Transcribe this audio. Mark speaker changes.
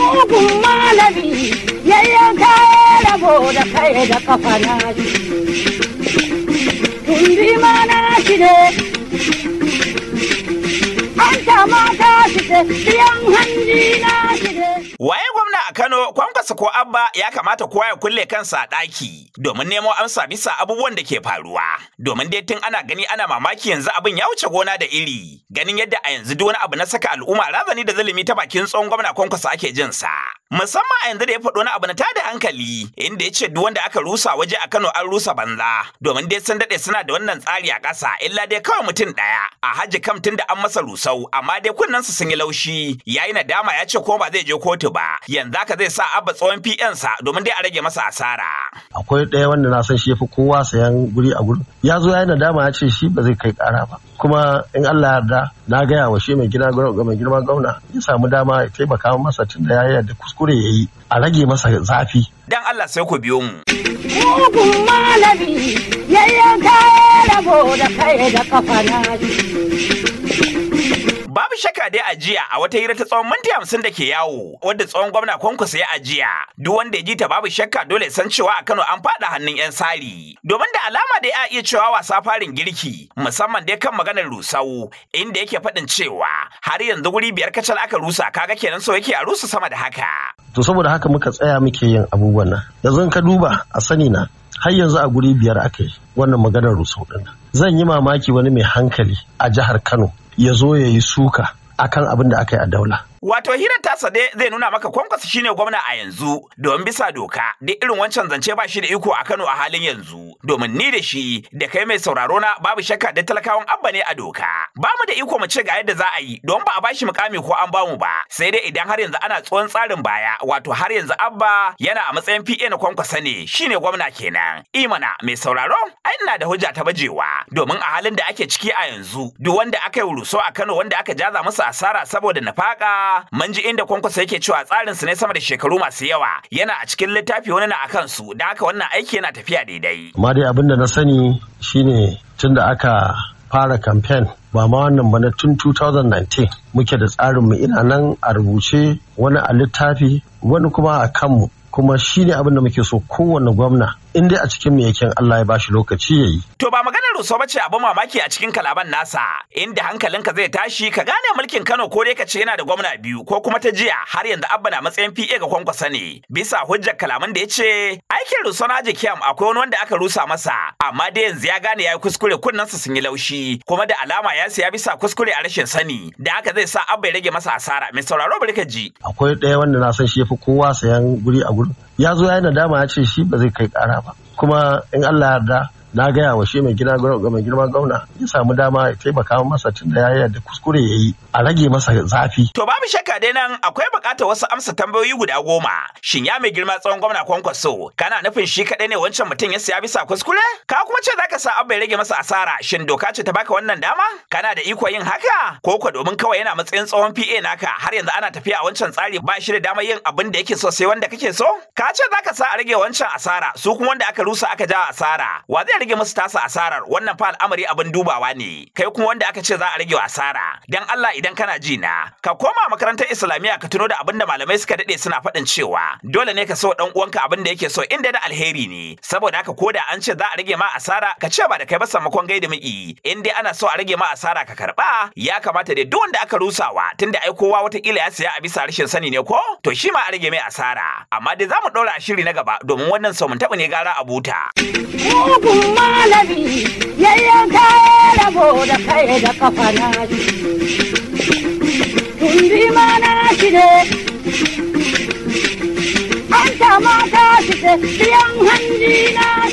Speaker 1: 欢迎我们俩。a Kano kwankwasa ko abba ya kamata kowa ya kulle kansa a ɗaki domin nemo amsa bisa abubuwan da ke faruwa. Domin dai tun ana gani ana mamaki yanzu abin ya wuce gona da iri. Ganin yadda a yanzu duk wani abu na saka al'umma razani da zalimi ta bakin tsohon gwamna kwankwasa ake jin sa. musamman a yanzu da ya faɗo wani abu na tada hankali inda ya ce duk wanda aka rusa waje a Kano an rusa banza domin dai sun daɗe suna da wannan tsari a ƙasa illa dai kawai mutum ɗaya a haji kam tun da an masa rusau amma dai su sun yi laushi yayi nadama ya ce ko ba zai je kotu ba yanzu haka zai sa abba tsohon PN sa domin dai a rage masa asara
Speaker 2: akwai ɗaya wanda na san shi ya fi kowa sayan guri a gurin ya zo ya yi nadama ya ce shi ba zai kai ƙara ba kuma in Allah yarda na gaya wa shi mai gina mai girma gauna ya samu dama ya taimaka masa tun da ya da kuskure ya yi a rage masa zafi.
Speaker 1: Dan Allah sai ku biyo mu.
Speaker 2: Mugun malami yayyanka ya rabo da kai da kafa
Speaker 1: Shaka dai a jiya a wata hira ta tsawon minti hamsin da ke yawo wadda tsawon gwamna kwankwasa ya ajiya duk wanda ya ji ta babu shakka dole san cewa a Kano an faɗa hannun 'yan sari domin da alama dai a iya cewa wasa farin girki musamman dai kan maganar rusau inda yake faɗin cewa har yanzu guri biyar kacal aka rusa kaga kenan so yake a rusa sama da haka.
Speaker 2: To saboda haka muka tsaya muke yin abubuwan nan yanzu ka duba a sani na har yanzu a guri biyar aka yi wannan maganar rusau ɗin zan yi mamaki wani mai hankali a jihar Kano ya zo ya yi suka akan abin da aka yi a daula
Speaker 1: Wato hira ta dai zai nuna maka kwankwasa shine gwamna a yanzu domin bisa doka da irin wancan zance ba shi da iko a Kano a halin yanzu domin ni da shi da kai mai sauraro na babu shakka da talakawan abba ne a doka. Ba mu da iko mu ce ga yadda za a yi don ba a bashi mukami ko an bamu ba sai dai idan har yanzu ana tsohon tsarin baya wato har yanzu abba yana a matsayin PA na kwankwasa ne shine gwamna kenan. Imana mai sauraro ai ina da hujja ta bajewa domin a halin da ake ciki a yanzu duk wanda aka yi ruso a Kano wanda aka jaza masa asara saboda nafaka mun ji inda kwankwasa yake cewa tsarin su ne sama da shekaru masu yawa yana a cikin littafi wani na a kansu, da haka wannan aiki yana tafiya daidai
Speaker 2: amma dai abin da na sani shine tunda aka fara kamfen ba ma wannan ba na tun 2019 muke da tsarin mu ina nan a rubuce wani a littafi wani kuma a kanmu kuma shi ne abin da muke so kowane gwamna in dai a cikin mu yake Allah ya bashi lokaci yayi.
Speaker 1: To ba maganar Rousseau bace abu mamaki a cikin kalaban nasa inda hankalinka zai tashi ka gane mulkin Kano ko dai ka ce yana da gwamna biyu ko kuma ta jiya har yanzu Abba na matsayin PA ga kwankwasa ne bisa hujjar kalaman da ya ce aikin Rousseau na Kiyam akwai wani wanda aka rusa masa amma dai yanzu ya gane ya yi kuskure sa sun yi laushi kuma da alama ya siya bisa kuskure a rashin sani da haka zai sa Abba ya rage masa asara mai sauraro ji?
Speaker 2: Akwai ɗaya wanda na san shi ya fi kowa sayan guri a ya zo ya yi nadama ya ce shi ba zai kai kara ba kuma in Allah yarda na gaya wa shi mai gina mai girma gwamna ya samu dama ya taimaka masa tun da ya da kuskure ya yi a rage masa zafi. To
Speaker 1: babu shakka dai nan akwai bukatar wasu amsa tambayoyi guda goma. Shin ya mai girma tsawon gwamna kwankwaso kana nufin shi kaɗai ne wancan mutum ya siya bisa kuskure? Ka kuma ce zaka sa abba ya rage masa asara shin doka ce ta baka wannan dama? Kana da iko yin haka? Ko ko domin kawai yana matsayin tsawon PA naka har yanzu ana tafiya a wancan tsari ba shi da damar yin abin da yake so sai wanda kake so? Ka ce za ka sa a rage wancan asara su kuma wanda aka rusa aka ja asara. Wa zai rage musu tasu asarar wannan fa al'amari abin dubawa ne kai kuma wanda aka ce za a rage asara dan Allah idan kana ji na ka koma makarantar islamiyya ka tuno da abin da malamai suka dade suna faɗin cewa dole ne ka so dan uwanka abin da yake so inda da alheri ne saboda haka koda an ce za a rage ma asara ka ce ba da kai ba sammakon gaida miki in dai ana so a rage ma asara ka karba ya kamata dai duk wanda aka rusawa tunda ai kowa watakila ya saya a bisa rashin sani ne ko to shi ma a rage mai asara amma dai za mu ɗaura a shiri na gaba domin wannan sau mun taɓa ne gara a buta. malami yayyanka ya rabo da kai da kafa na Tundi ma na shi ne,
Speaker 2: an ta mata shi biyan hanji na